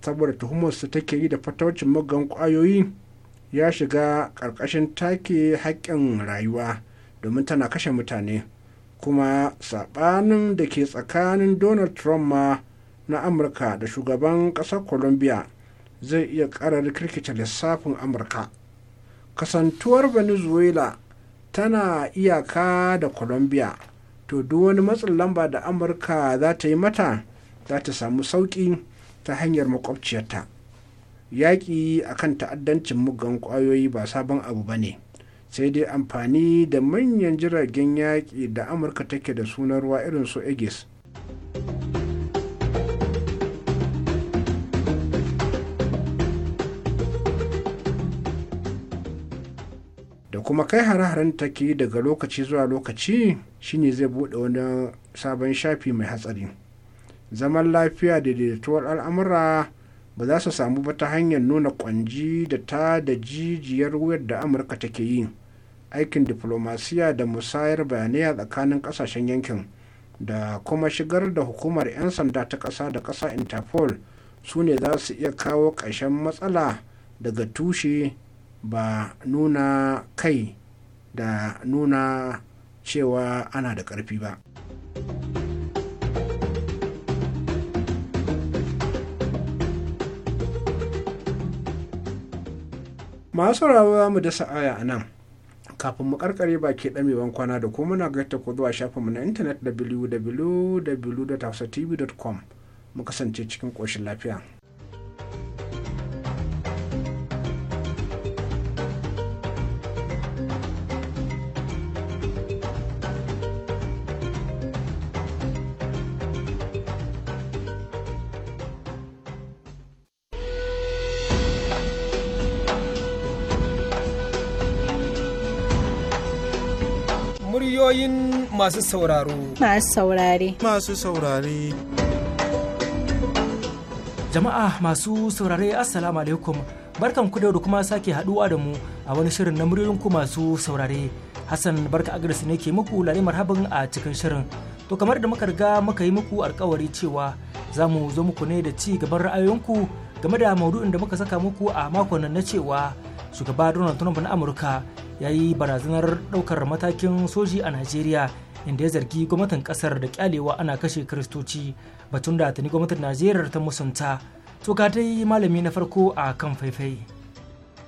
saboda tuhumar su take yi da fataucin magan kwayoyi, ya shiga ƙarƙashin take haƙƙin rayuwa domin tana kashe mutane kuma saɓanin da ke tsakanin donald trump ma na amurka da shugaban ƙasar colombia zai iya ƙarar kirkita lissafin amurka kasantuwar venezuela tana iyaka da colombia to duk wani matsin lamba da amurka za ta yi mata za ta samu sauƙi ta hanyar makwabciyarta yaƙi a kan ta'addancin muggan ƙwayoyi ba sabon abu ba ne sai dai amfani da manyan jiragen yaƙi da amurka take da sunan ruwa irin su aegis da kuma kai hare-haren take daga lokaci zuwa lokaci shine zai buɗe wani sabon shafi mai hatsari zaman lafiya da daidaituwar al'amura ba za su samu ba ta hanyar nuna kwanji da ta da jijiyar wuyar da amurka take yi aikin diflomasiya da musayar bayanai a tsakanin kasashen yankin da kuma shigar da hukumar 'yan sanda ta ƙasa da ƙasa interpol su ne za su iya kawo ƙarshen matsala daga tushe ba nuna kai da nuna cewa ana da ƙarfi ba masu rawa mu da sa'aya a nan kafin mu karkare ke damewan kwana da kuma muna gaita ko zuwa shafin shafinmu na intanet www.tafsatv.com mu kasance cikin ƙoshin lafiya masu sauraro. Masu saurare. Masu saurare. Jama'a masu saurare Assalamu alaikum barkan ku da kuma sake haduwa da mu a wani shirin na muryoyinku masu saurare. Hassan barka agris ne ke muku lare marhaban a cikin shirin. To kamar da muka riga muka yi muku alkawari cewa za mu zo muku ne da ci gaban ra'ayoyinku game da maudu'in da muka saka muku a makon nan na cewa shugaba Donald Trump na Amurka ya yi barazanar daukar matakin soji a Najeriya inda ya zargi gwamnatin kasar da kyalewa ana kashe kiristoci batun da tuni gwamnatin najeriya ta musunta to ka dai malami na farko a kan faifai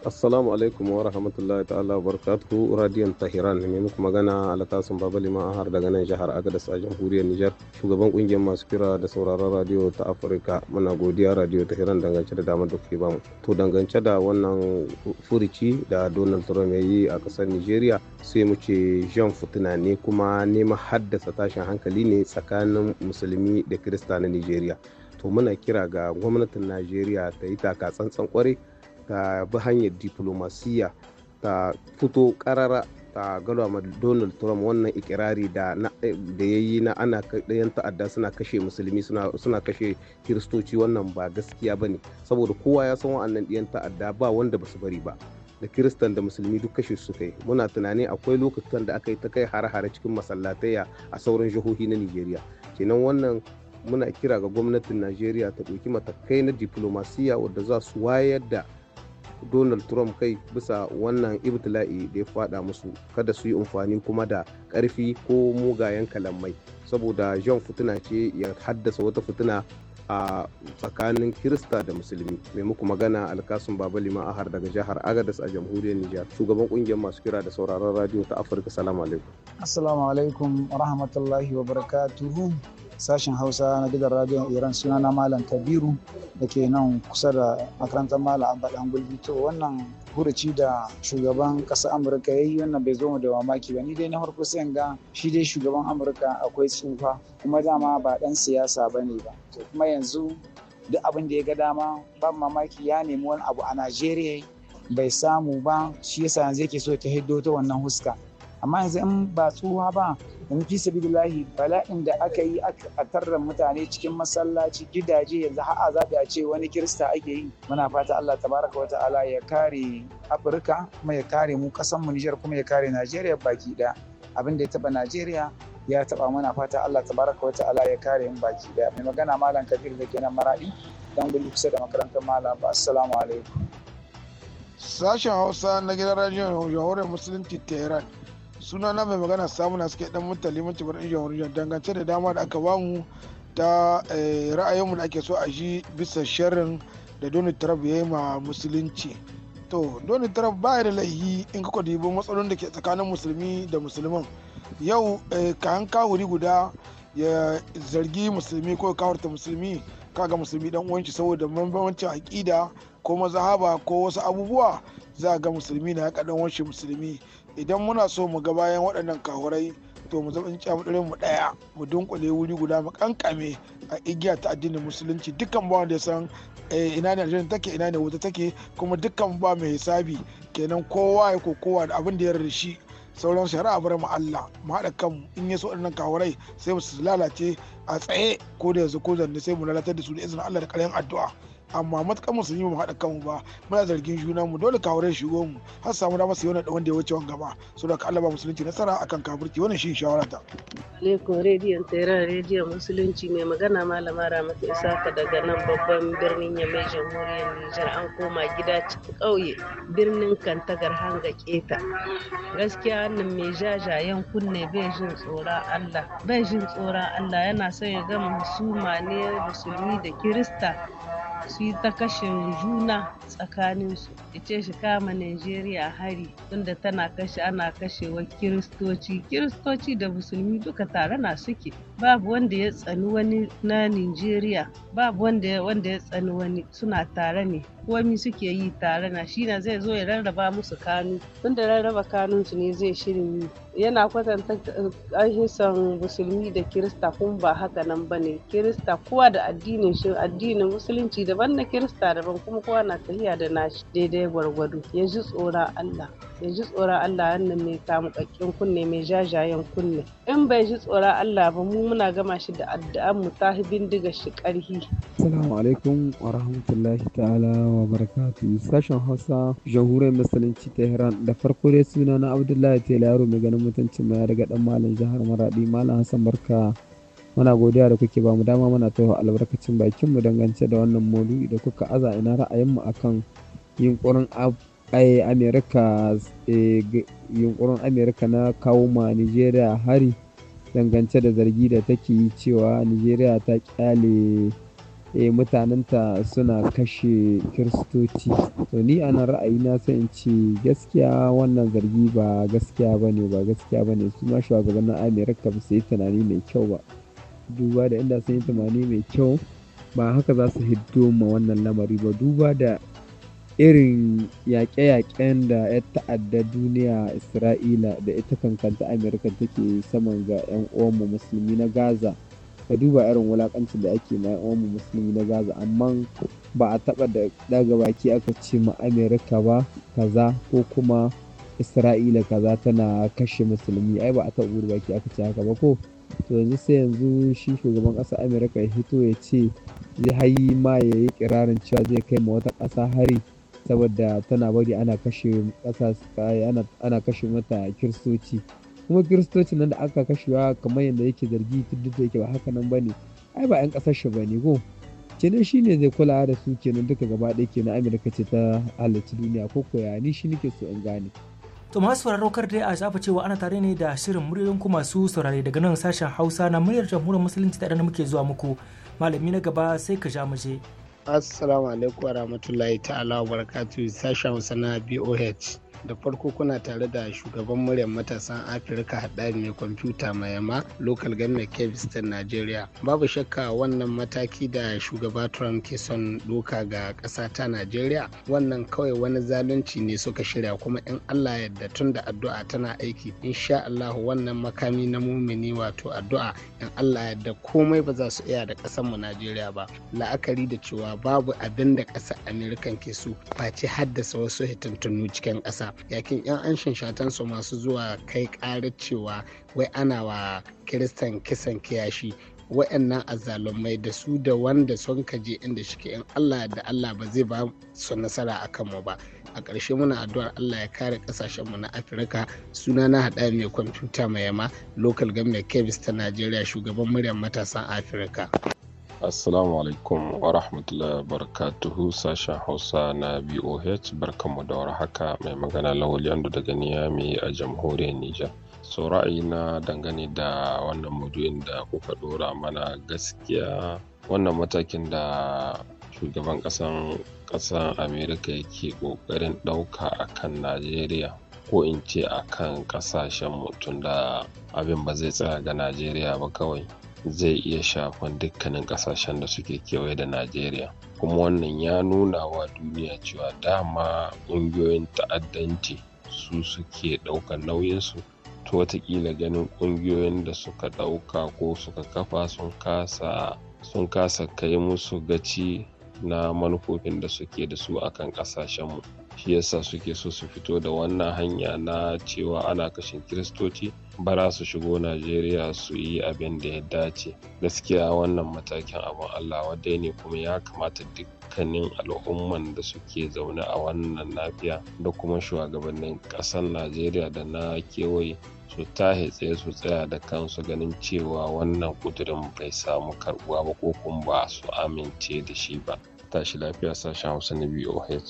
Assalamu alaikum wa rahmatullahi ta'ala wa barakatuhu radiyon Tahiran mai muku magana alakasun Baba Liman har daga nan jihar Agadas a jamhuriyar Nijar shugaban kungiyar masu kira da sauraron radiyo ta Afirka muna godiya radiyo Tahiran dangance da damar da kuke bamu to dangance da wannan furici da Donald Trump ya yi a kasar nigeria sai mu ce Jean Fitina ne kuma neman haddasa tashin hankali ne tsakanin musulmi da Kirista na Nijeriya to muna kira ga gwamnatin nigeria ta yi taka tsantsan kwarai ta bi hanyar diplomasiya ta fito karara ta galwa donald trump wannan ikirari da ya yi na ana yan ta'adda suna kashe musulmi suna kashe kiristoci wannan ba gaskiya ba ne saboda kowa ya san wa'annan yan ta'adda ba wanda ba su bari ba da kiristan da musulmi duk kashe su kai muna tunani akwai lokutan da aka yi ta kai hare-hare cikin masallataya a sauran jihohi na nigeria kenan wannan muna kira ga gwamnatin najeriya ta ɗauki matakai na diplomasiya wadda za su wayar da donald trump kai bisa wannan ibtila'i da ya fada musu kada su yi amfani kuma da karfi ko mugayen kalamai saboda jean fitina ce ya haddasa wata fitina a tsakanin kirista da musulmi mai muku magana alkasun baba liman ahar daga jihar agadas a jamhuriyar nijar shugaban kungiyar masu kira da sauraron radio ta afirka salamu alaikum assalamu alaikum rahmatullahi wa barakatuhu sashen hausa na gidan radiyon iran suna na malam kabiru da ke nan kusa da makarantar malam abba dan gulbi to wannan furuci da shugaban ƙasar amurka ya yi wannan bai zo mu da mamaki ba ni dai na farko sai ga shi dai shugaban amurka akwai tsufa kuma dama ba dan siyasa ba ne ba to kuma yanzu duk abin da ya ga dama ba mamaki ya nemi wani abu a najeriya bai samu ba shi yasa yanzu yake so ta hiddo ta wannan huska amma yanzu in ba tsuwa ba in fi sabidillahi bala'in da aka yi a tarra mutane cikin masallaci gidaje yanzu ha'a za a ce wani kirista ake yi muna fata Allah tabaraka wata'ala ya kare Afirka kuma ya kare mu kasan mu Nijar kuma ya kare Najeriya baki ɗaya abin da ya taba Najeriya ya taba muna fata Allah tabaraka wata'ala ya kare mu baki ɗaya mai magana malam Kabir da kenan maradi dan gudu kusa da makarantar malam assalamu alaikum sashen Hausa na gidan radiyon Jamhuriyar Musulunci Tehran sunana mai magana samuna suke dan mutali mutubar ijiyar wurin dangance da dama da aka bamu ta eh, ra'ayinmu da ake so a ji bisa sharrin da donald trump ya yi ma musulunci to donald trump ba da laihi in kuka dubi matsalolin da ke tsakanin musulmi da musulman yau eh, ka hanka kawuri guda ya zargi musulmi ko kawarta musulmi kaga musulmi dan uwanci saboda bambancin aƙida ko mazahaba ko wasu abubuwa za ga musulmi na ya kaɗan wanshi musulmi idan muna so mu ga bayan waɗannan kahurai to mu zama mu ɗaya mu dunkule wuri guda mu kankame a igiya ta addinin musulunci dukkan ba wanda ya san eh, ina ne aljihun take ina ne wuta take kuma dukkan ba mai hisabi kenan kowa ya kowa da abin da ya rishi sauran shari'a bar mu Allah mu haɗa kan in ya so waɗannan kawarai sai mu lalace a tsaye ko da yanzu ko zanne sai mu lalatar da su da izinin Allah da ƙaryan addu'a amma matuƙar yi mu haɗa kanmu ba muna zargin juna mu dole ka kawarai shigo mu har samu dama su yi wani wanda ya wuce wanga ba da ka Allah ba musulunci nasara akan kafirci wannan shi shawara ta. Alaikum rediyon tseren rediyon musulunci mai magana malama Ramatu Isaka daga nan babban birnin Yamai jamhuriyar Nijar an koma gida cikin ƙauye birnin Kantagar Hanga Keta. Gaskiya wannan mai jajayen kunne bai jin tsoron Allah bai jin tsoron Allah yana son ya gama musulma ne musulmi da Kirista su ta kashin juna tsakaninsu. su ce shi kama Najeriya hari tunda tana kashe ana kashewa kiristoci kiristoci da musulmi duka tare na suke babu wanda ya tsani wani na Najeriya babu wanda ya tsani wani suna tare ne komi suke yi tare na shi na zai zo ya rarraba musu kanu tunda rarraba kanun su ne zai shirin yi yana kwatanta eh, ahisan musulmi da kirista kuma ba haka nan ba ne kirista kowa da addinin shi addinin musulunci daban na kirista daban kuma kowa na tafiya da nashi daidai gwargwado ya ji tsoron allah ya ji tsoron allah wannan mai kamukakken kunne mai jajayen kunne in bai ji tsoron allah ba mu muna gama shi da addu'an mu ta bindiga shi karhi assalamu alaikum wa rahmatullahi ta'ala wa barakatu sashen hausa jamhuriyar musulunci tehran da farko dai suna na abdullahi tela yaro mai ganin mutuncin mai daga dan malam jihar maradi malam hassan barka muna godiya da kuke ba mu dama muna taho albarkacin bakin mu dangance da wannan maudu'i da kuka aza ina ra'ayin mu akan yunkurin eh, amerika eh, yunkurin amerika na kawo ma nigeria hari dangance da zargi da take yi cewa nigeria ta kyale eh mutanenta suna kashe kiristoci to ni a nan ra'ayina sai in ce gaskiya wannan zargi ba gaskiya ba ne ba gaskiya ba ne su ma shugabannin amerika ba su yi tunani mai kyau ba duba da inda sun yi tunani mai kyau ba haka za su hiddo ma wannan lamari ba duba da irin yaƙe-yaƙen da ya ta'adda duniya isra'ila da ita kankanta amerika take saman ga 'yan uwanmu musulmi na gaza ka duba irin wulakancin da ake na yan musulmi na gaza amma ba a taba da daga baki aka ce ma amerika ba kaza ko kuma isra'ila kaza tana kashe musulmi ai ba a taɓa gudu baki aka ce haka ba ko to yanzu sai yanzu shi shugaban ƙasa amerika ya hito ya ce zai hayi ma ya yi kirarin cewa zai kai ma wata ƙasa hari saboda tana bari ana kashe mata kiristoci kuma kiristocin nan da aka kashewa kamar yadda yake zargi duk da yake ba haka nan bane ai ba yan kasar shi bane go kenan shi ne zai kula da su kenan duka gaba ɗaya kenan amurka ce ta halarci duniya ko koya ni shi nake so in gane to masu sauraro kar dai a shafa cewa ana tare ne da shirin muryoyin ku masu saurare daga nan sashen hausa na muryar jamhuriyar musulunci da muke zuwa muku malami na gaba sai ka ja mu je assalamu alaikum wa rahmatullahi ta'ala wa barakatuhu sashen hausa na boh da farko kuna tare da shugaban muryar matasan afirka haɗari mai kwamfuta mai yamma local government cape ta nigeria babu shakka wannan mataki da shugaba trump ke son doka ga ƙasa ta nigeria wannan kawai wani zalunci ne suka shirya kuma in allah yadda tun da addu'a tana aiki insha allah wannan makami na mumini wato addu'a in allah yadda komai ba za su iya da mu nigeria ba la'akari da cewa babu abin da ƙasar amerikan ke so face haddasa wasu hitintunu cikin ƙasa yakin 'yan anshin su masu zuwa kai karar cewa wai ana wa kiristan kisan kiyashi wa'annan azalumai da su da wanda sun kaje inda shike in Allah da Allah ba zai ba su nasara a kanmu ba a ƙarshe muna addu'ar Allah ya kare ƙasashenmu na Afirka suna na haɗa mai kwamfuta mai yama local government kebis ta Najeriya shugaban muryar matasan Afirka. Assalamu alaikum wa rahmatullahi barakatuhu sashen Hausa na BOH barkanmu da war haka mai magana Lawal daga Niyami a jamhuriyar Nijar. So ra'ayina dangane da wannan maudu'in da kuka dora mana gaskiya wannan matakin da shugaban ƙasan ƙasan Amerika yake ƙoƙarin ɗauka a kan Najeriya ko in ce a kan ƙasashen mutum da abin ba zai tsaya ga Najeriya ba kawai. zai iya shafan dukkanin kasashen da suke kewaye da najeriya kuma wannan ya nuna wa duniya cewa dama ƙungiyoyin ta'addanci su suke ɗaukar nauyinsu to watakila ganin ƙungiyoyin da suka ɗauka ko suka kafa sun kasa sun kai musu gaci na manufofin da suke da su akan mu shi yasa suke so su fito da wannan hanya na cewa ana kashin kiristoci Ba za su shigo najeriya su yi abin da ya dace gaskiya wannan matakin abin allah wadai ne kuma ya kamata dukkanin al'umman da suke zaune a wannan lafiya da kuma shugabannin ƙasar najeriya da na kewaye su tahe tsaye su tsaya da kansu ganin cewa wannan kudurin bai samu karbuwa ba ko kuma ba su amince da shi ba tashi lafiya sashen hausa na boh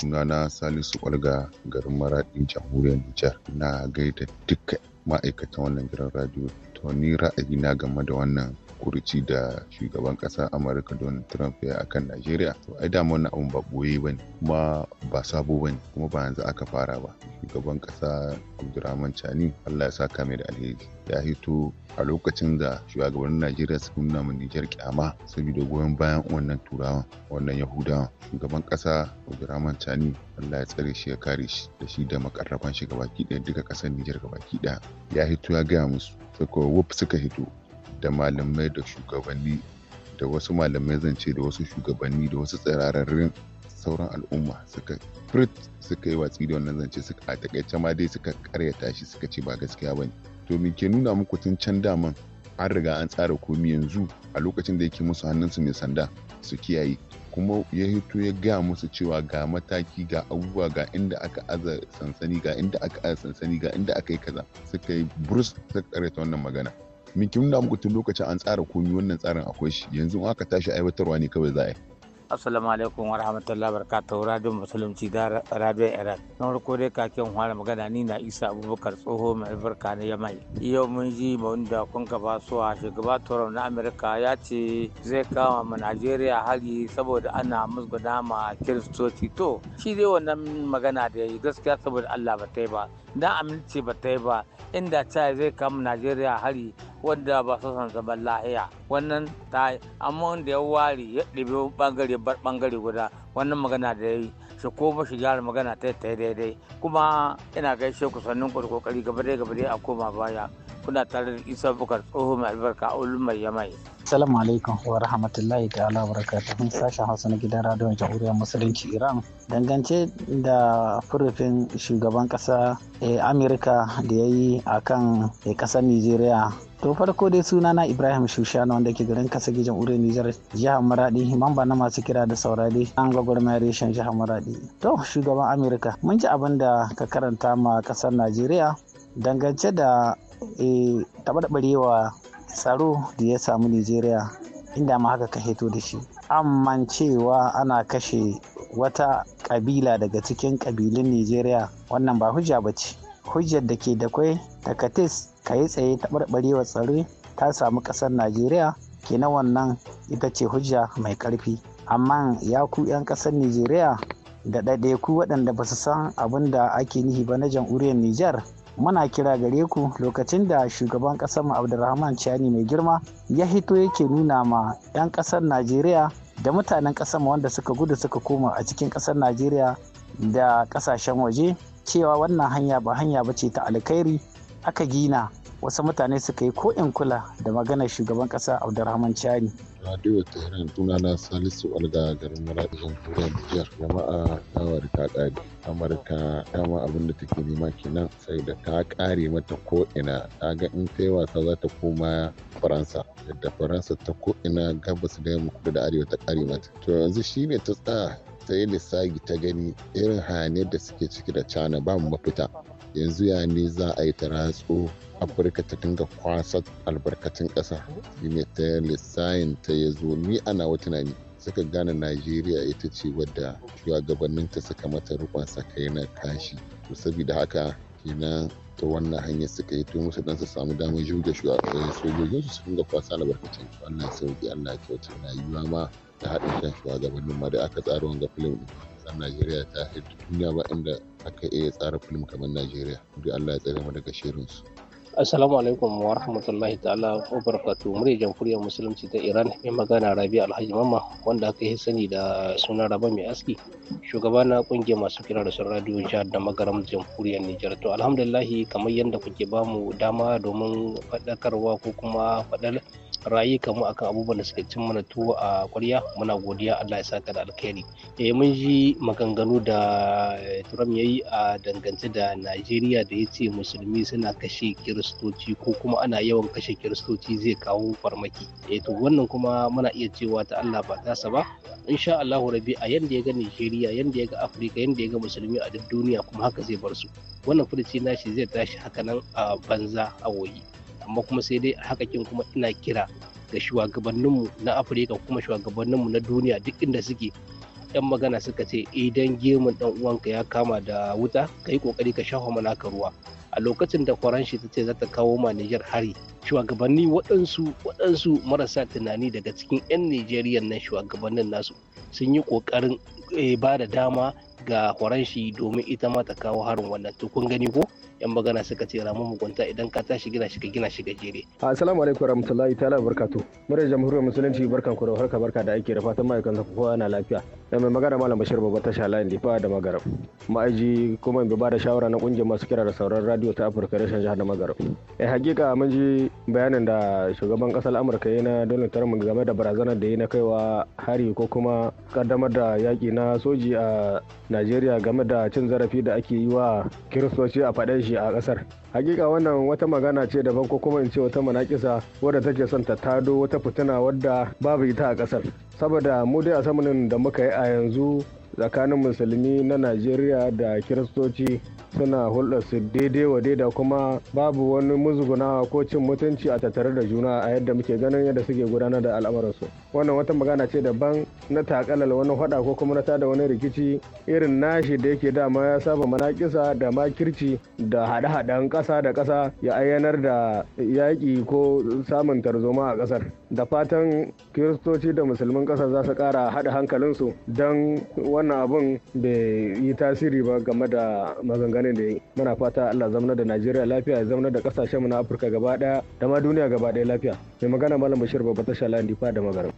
sunana salisu olga garin maraɗin jamhuriyar nijar na gaida duka ma'aikatan wannan gidan radiyo to ni na game da wannan kurci da shugaban kasa amurka don trump ya a kan najeriya to ai dama wannan abun ba boye ba ne kuma ba sabo ba ne kuma ba yanzu aka fara ba shugaban ƙasa abdurrahman chani allah ya saka mai da alheri ya hito a lokacin da shugabannin najeriya suka nuna mu nijar kyama saboda goyon bayan wannan turawan wannan yahudawan shugaban ƙasa abdurrahman chani allah ya tsare shi ya kare shi da shi da makarrafan shi gabaki daya duka kasar nijar gabaki daya ya hito ya gaya musu suka wuf suka hito da malamai da shugabanni da wasu malamai zance da wasu shugabanni da wasu tsirararrun sauran al'umma suka frit suka yi watsi da wannan zance suka a takaice ma dai suka karyata shi suka ce ba gaskiya bane to me ke nuna muku tun can daman an riga an tsara komi yanzu a lokacin da yake musu hannunsu mai sanda su kiyaye kuma ya hito ya gaya musu cewa ga mataki ga abubuwa ga inda aka aza sansani ga inda aka aza sansani ga inda aka yi kaza suka yi burus suka karyata wannan magana min kin nuna muku tun lokacin an tsara komi wannan tsarin akwai shi yanzu in aka tashi aiwatarwa ne kawai za a yi assalamu alaikum wa rahmatullahi wa radio musulunci da radio iran na farko dai kakin fara magana ni na isa abubakar tsoho mai albarka na yamai yau mun ji da kun gaba suwa shugaba trump na amurka ya ce zai kama ma najeriya hari saboda ana musguna ma kiristoci to shi dai wannan magana da yi gaskiya saboda allah ba ta yi ba na aminci ba ta yi ba inda ta zai kama najeriya hari wadda ba su san zaman lahiya wannan ta amma wanda ya ware ya ɗabi bangare bar bangare guda wannan magana da ya yi shi ko ba shi gyara magana ta ta daidai kuma ina gaishe ku sannin ku da kokari gaba dai gaba dai a koma baya kuna tare da isa bukar tsoho mai albarka a mai yamai Salamu alaikum wa rahmatullahi ta'ala wa barakatuhun sashen Hausa na gidan radiyon jamhuriyar musulunci Iran. Dangance da furufin shugaban ƙasa eh, Amerika da ya yi a kan kasar eh, Nijeriya to farko dai suna na ibrahim shushana wanda ke garin kasa gijin ure nijar jihar maradi mamba na masu kira da saurari an gwagwarmayar reshen jihar maradi to shugaban amurka mun ji abin da ka karanta ma kasar najeriya dangance da Eh, taɓarɓarewa tsaro da ya samu Nijeriya inda ma haka ka heto da shi. Amman cewa ana kashe wata ƙabila daga cikin ƙabilun Nijeriya wannan ba hujja ba ce. Hujjar da ke da kwai takatis ka yi tsaye taɓarɓarewa tsaro ta samu ƙasar Najeriya kenan wannan ita ce hujja mai ƙarfi. Amma ya ku 'yan ƙasar Nijeriya da ku waɗanda ba su san abin da ake nihi ba na jamhuriyar Nijar. Muna kira gare ku lokacin da shugaban ƙasar mu Abdulrahman Chani mai girma ya hito yake nuna ma 'yan ƙasar Najeriya da mutanen ƙasar mu wanda suka gudu suka koma a cikin ƙasar Najeriya da ƙasashen waje cewa wannan hanya ba hanya ba ce ta alkhairi aka gina wasu mutane suka yi ko'in kula da maganar shugaban ƙasa abdulrahman chani radio tehran tuna na salisu alga garin maradi jamhuriyar nijar jama'a tawar ka kadi amurka dama abin da take nema kenan sai da ta ƙare mata ko'ina, ta ga in ta wasa za ta koma faransa yadda faransa ta koina gabas da yamma kudu da arewa ta ƙare mata to yanzu shi ne ta tsaya ta yi lissagi ta gani irin hayaniyar da suke ciki da cana ba mu mafita yanzu ya ne za a yi ta ratso afirka ta dinga kwasa albarkatun kasa ne ta lissayin ta ya zo ni ana wa tunani suka gane najeriya ita ce wadda shugabanninta suka mata rukun kai na kashi to saboda haka kenan ta wannan hanyar suka yi tun musu dan su samu damar juga eh, sojojin su su dinga kwasa albarkacin wannan sauki allah kyauta rayuwa ma da haɗin kan shugabannin ma da aka tsara wanga filim san najeriya ta duniya ba inda aka iya tsara filim kamar najeriya duk allah ya tsare mu daga shirin su. Assalamu alaikum wa rahmatullahi ta'ala wa barakatu murya jamhuriyar musulunci ta Iran mai magana Rabi Alhaji Mamma wanda aka yi sani da sunan Rabi mai aski shugaba na kungiyar masu kira da sun radio jihar da magaram jamhuriyar Nijar to alhamdulillahi kamar yadda kuke bamu dama domin faɗakarwa ko kuma faɗar rayuka mu akan abubuwan da suke cin mana tuwo a kwarya muna godiya Allah ya saka da alkhairi eh mun ji maganganu da eh, Trump yayi a dangance da Najeriya da ya ce musulmi suna kashe kiristoci ko kuma ana yawan kashe kiristoci zai kawo farmaki eh to wannan kuma muna iya cewa ta Allah ba tasa ba insha Allahu rabi a yanda ya ga Najeriya yanda ya ga Afirka yanda ya ga musulmi a duk duniya kuma haka zai bar su wannan furuci nashi zai tashi haka nan a banza a woyi amma kuma sai dai a haka kin kuma ina kira ga shugabanninmu na afirka kuma shugabanninmu na duniya duk inda suke yan magana suka ce idan eh, gemun dan uwanka ya kama da wuta ka kokari ka shafa mana ka ruwa a lokacin da faranshi ta ce za ta kawo ma Nijar hari shugabanni waɗansu waɗansu marasa tunani daga cikin 'yan Nijeriya nan shugabannin nasu sun yi ƙoƙarin eh, ba da dama ga faranshi domin ita ma ta kawo harin wannan to kun gani ko yan magana suka ce ramu mugunta idan ka tashi gina shi ka gina shi gajere. assalamu alaikum warahmatullahi ta'ala barkatu murar jamhuriyar musulunci barkan ku da harka barka da ake da fatan ma'aikatan kowa yana lafiya da mai magana malam bashir babba sha layin difa da magarab ma'aji kuma in ba da shawara na kungiyar masu kira da sauran radio ta afirka rashin jihar da magarab eh hakika mun ji bayanin da shugaban kasar amurka ya na donald trump game da barazanar da ya na kaiwa hari ko kuma kaddamar da yaki na soji a najeriya game da cin zarafi da ake yi wa kiristoci a faɗin shi shi a kasar hakika wannan wata magana ce daban ko kuma in ce wata manakisa wadda take son ta tado wata fitina wadda babu ita a kasar saboda mu dai a samanin da muka yi a yanzu tsakanin musulmi na najeriya da kiristoci suna su daidai wa daida kuma babu wani muzgunawa ko cin mutunci a tattare da juna a yadda muke ganin yadda suke gudanar da al'amuransu wannan wata magana ce daban na takalal wani hada ko kuma na tada wani rikici irin nashi da yake dama ya saba manakisa da makirci da hada-hadan kasa da kasa ya ayyanar da yaƙi ko samun tarzoma a ƙasar da fatan kiristoci da musulmin ƙasa za su ƙara haɗa hankalinsu don wannan abun bai yi tasiri ba game da maganganun da yi muna fata Allah zamanar da Najeriya lafiya ya zamanar da kasashen mu na Afirka gaba daya da ma duniya gaba daya lafiya mai magana malam Bashir babba tasha Landi fa da magarin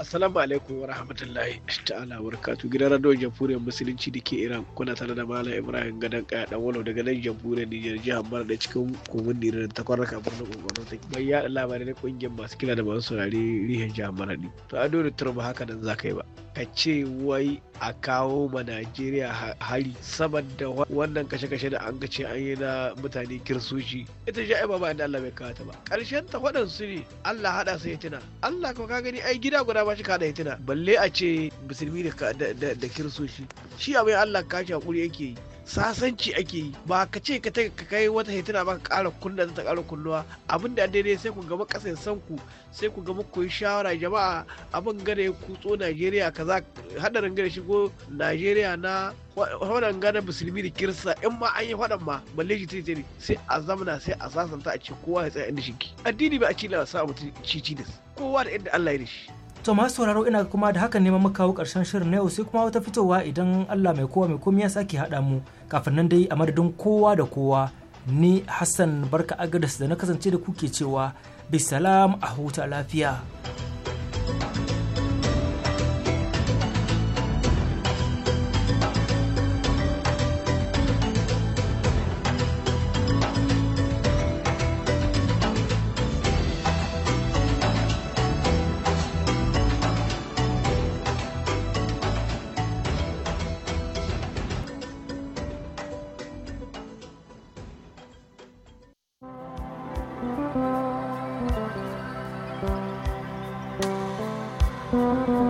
Assalamu alaikum wa rahmatullahi ta'ala wa barakatu Gidan radio Jamhuriyar Musulunci da ke Iran kuna tare da Malam Ibrahim Gadan Kaya dan walo daga nan Jamhuriyar Nijar jihar Mara da cikin komin Nijar da takwarar kafin da kokarin ta. Bai ya da labarai na kungiyar masu kila da masu saurare rihin jihar Mara ne. To a dole tura ba haka nan zakai ba. Ka ce wai a kawo ma Najeriya hari saboda wannan kashe-kashe da an kace an yi na mutane kirsoci. Ita ja'i ba ba inda Allah bai kawo ba. Karshen ta waɗansu ne Allah haɗa su ya tuna. Allah ko ka gani ai gida guda ba shi kada hitina balle a ce musulmi da kirsoshi shi abin Allah ka shi hakuri yake yi sasanci ake yi ba ka ce ka kai wata hitina ba ka ƙara kunna ta ƙara kunnuwa abin da daidai sai ku gaba ƙasa san ku sai ku gaba ku yi shawara jama'a abin gane ya kutso Najeriya kaza hadarin gane shigo Najeriya na fadan gane musulmi da kirista in ma an yi fadan ma balle shi tiri tiri sai a zamana sai a sasanta a ce kowa ya tsaya inda shi addini ba a ci la sa ci cici da kowa da inda Allah ya da shi to masu sauraro ina kuma da hakan neman muka kawo karshen shirin na yau sai kuma wata fitowa idan Allah mai kowa mai komai ya sake haɗa mu kafin nan dai a madadin kowa da kowa ni Hassan Barka Agadas da na kasance da kuke cewa bisalam a huta lafiya. Thank you.